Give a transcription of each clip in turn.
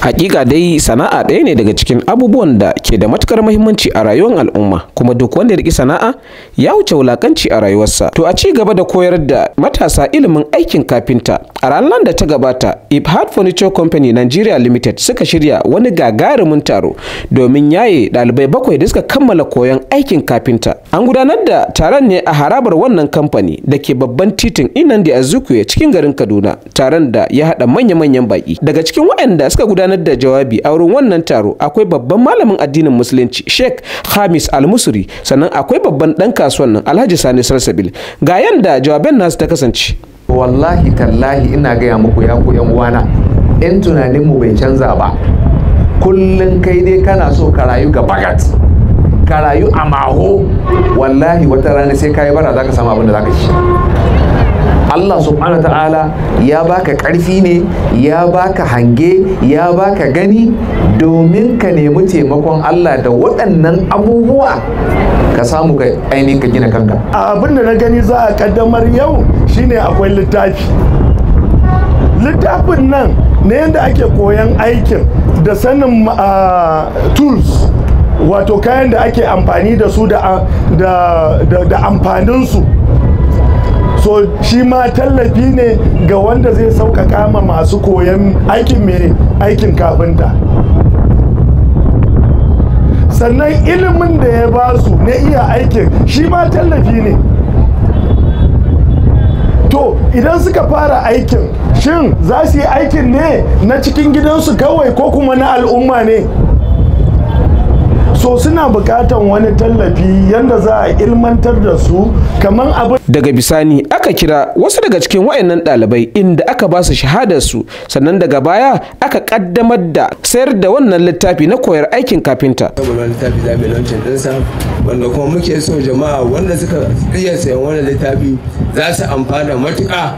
Hakika dai sana'a ɗaya ne daga cikin abubuwan da ke da matukar muhimmanci a rayuwar al'umma kuma duk wanda ya sana'a ya wuce wulakanci a rayuwarsa. To a ci gaba da koyar da matasa ilimin aikin kafinta. A ranar da ta gabata, ifhad Furniture Company Nigeria Limited suka shirya wani gagarumin taro domin yaye ɗalibai bakwai da suka kammala koyon aikin kafinta. An gudanar da taron ne a harabar wannan kamfani da ke babban titin Inandi ya cikin garin Kaduna, taron da ya haɗa manya-manyan baƙi. Daga cikin waɗanda suka gudanar gudanar da jawabi a wurin wannan taro akwai babban malamin addinin musulunci sheikh hamis al-musri sannan akwai babban dan kasuwan nan alhaji sani sarsabil ga yanda jawaben nasu ta kasance wallahi tallahi ina gaya muku ya ku yan uwana yan tunanin mu bai canza ba kullum kai dai kana so ka rayu ga bagat ka rayu a maho wallahi wata rana sai ka yi bara za ka samu abin da zaka ka ci Allah subhanahu ta'ala ya baka ƙarfi ne ya baka hange ya baka gani domin ka nemi taimakon Allah da waɗannan abubuwa ka samu ka ainihin ka gina kanka abin da na gani za a kaddamar yau shine akwai littafi littafin nan na yadda ake koyan aikin da sanin ah, tools wato kayan da ake amfani da su da ah, amfaninsu so shi ma tallafi ne ga wanda zai sauƙaƙa ma masu koyon aikin mai aikin kafinta sannan ilimin da ya ba su na iya aikin shi ma tallafi ne to idan suka fara aikin shin za su yi aikin ne na cikin gidansu kawai ko kuma na al'umma ne so suna bukatan wani tallafi yadda za a ilmantar da su kamar abin daga bisani aka kira wasu daga cikin wayannan ɗalibai inda aka ba su shahadar su sannan daga baya aka kaddamar da sayar da wannan littafi na koyar aikin kafinta littafi za mu wanda kuma muke so jama'a wanda suka iya sayan wannan littafi za su amfana matuƙa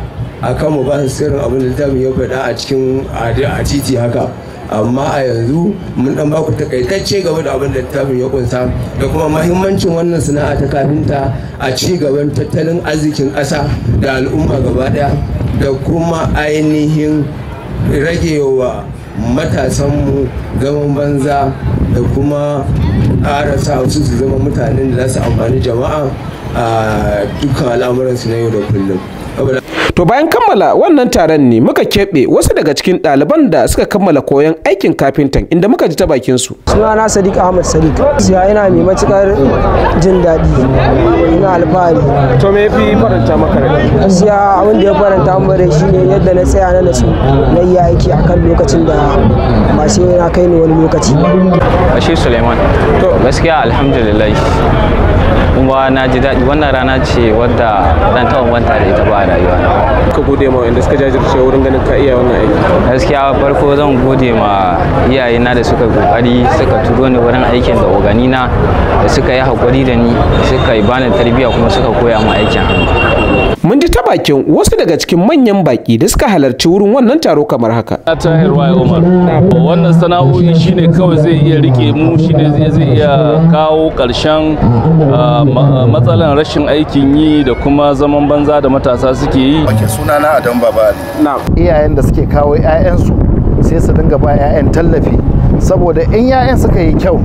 mu ba su sirrin abin da littafin ya faɗa a cikin a titi haka amma a yanzu mun dan baku takaitacce game da abin da littafin ya kunsa da kuma mahimmancin wannan sana'a ta kafinta a ci gaban tattalin arzikin ƙasa da al'umma gaba daya da kuma ainihin ragewa matasanmu zaman banza da kuma ƙara sa su su zama mutanen da za su amfani jama'a a dukkan al'amuransu na yau da kullum. To bayan kammala wannan taron ne muka keɓe wasu daga cikin ɗaliban da suka kammala koyon aikin kafintan inda muka ji ta bakin su. Sunana Sadiq Ahmad Sadiq. Ya ina mai matukar jin daɗi ina alfahari. To me yafi faranta maka rai? abin da ya faranta bare shi shine yadda na tsaya na nasu na yi aiki kan lokacin da ba sai na kai ni wani lokaci. Ashe Suleiman. To gaskiya alhamdulillah. kuma na ji daɗi wannan rana ce wadda dan taɓa ban da ita ba a rayuwa na ka gode ma wanda suka jajirce wurin ganin ka iya wannan aiki gaskiya farko zan gode ma iyayena da suka kokari suka turo ni wurin aikin da oganina da suka yi hakuri da ni suka yi bani tarbiyya kuma suka koya mu aikin hannu mun ji ta bakin wasu daga cikin manyan baki da suka halarci wurin wannan taro kamar haka tahir umar wannan sana'o'i shine kawai zai iya rike mu shine zai iya kawo karshen ah, matsalan rashin aikin yi da kuma zaman banza da matasa suke yi sunana adam baba iyayen da suke kawo 'ya'yansu sai su dinga ba 'ya'yan tallafi saboda in 'ya'yan suka yi kyau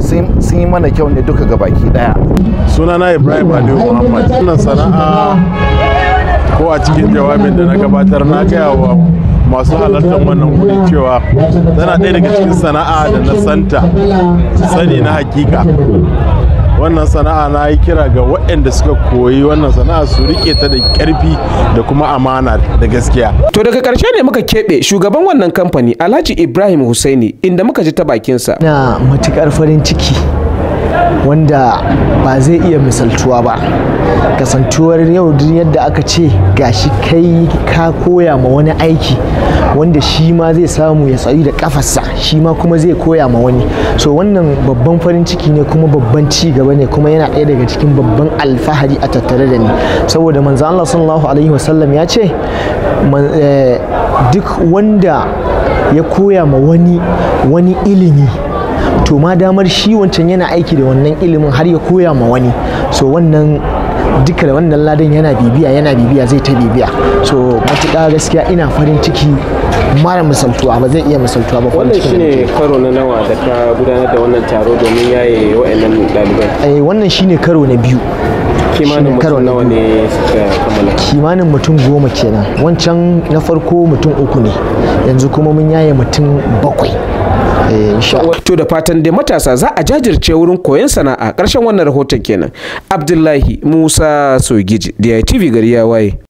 sun yi mana kyau ne duka gabaki daya na ibrahim adi muhammad wannan sana'a ko a cikin jawabin da na gabatar na gaya wa masu halartar wannan wuri cewa tana ɗaya daga cikin sana'a da na santa sani na hakika wannan sana'a na yi kira ga waɗanda suka koyi wannan sana'a su rike ta da ƙarfi da kuma amana da gaskiya to daga ƙarshe ne muka keɓe shugaban wannan kamfani alhaji ibrahim husaini inda muka ji ta bakinsa na matuƙar farin ciki wanda ba zai iya misaltuwa ba kasantuwar yau duk yadda aka ce Ga shi kai ka koya ma wani aiki wanda shi ma zai samu ya tsayu da kafarsa shi ma kuma zai koya ma wani so wannan babban farin ciki ne kuma babban ci gaba ne kuma yana ɗaya daga cikin babban alfahari a tattare da ni saboda manzo Allah sallallahu alaihi wasallam ya ce eh, duk wanda ya koya ma wani wani ilimi to ma damar shi wancan yana aiki da wannan ilimin har ya koya ma wani so wannan duka da wannan ladan yana bibiya yana bibiya zai ta bibiya so matuƙa gaskiya ina farin ciki mara misaltuwa ba zai iya misaltuwa ba wannan shine karo na nawa da ka gudanar da wannan taro domin yaye wa'annan ɗalibai eh wannan shine karo na biyu kimanin karon nawa ne suka kammala kimanin mutum goma kenan wancan na farko mutum uku ne yanzu kuma mun yaye mutum bakwai eh, to da fatan dai matasa za a jajirce wurin koyon sana'a karshen wannan rahoton kenan abdullahi musa sogiji da tv gari ya waye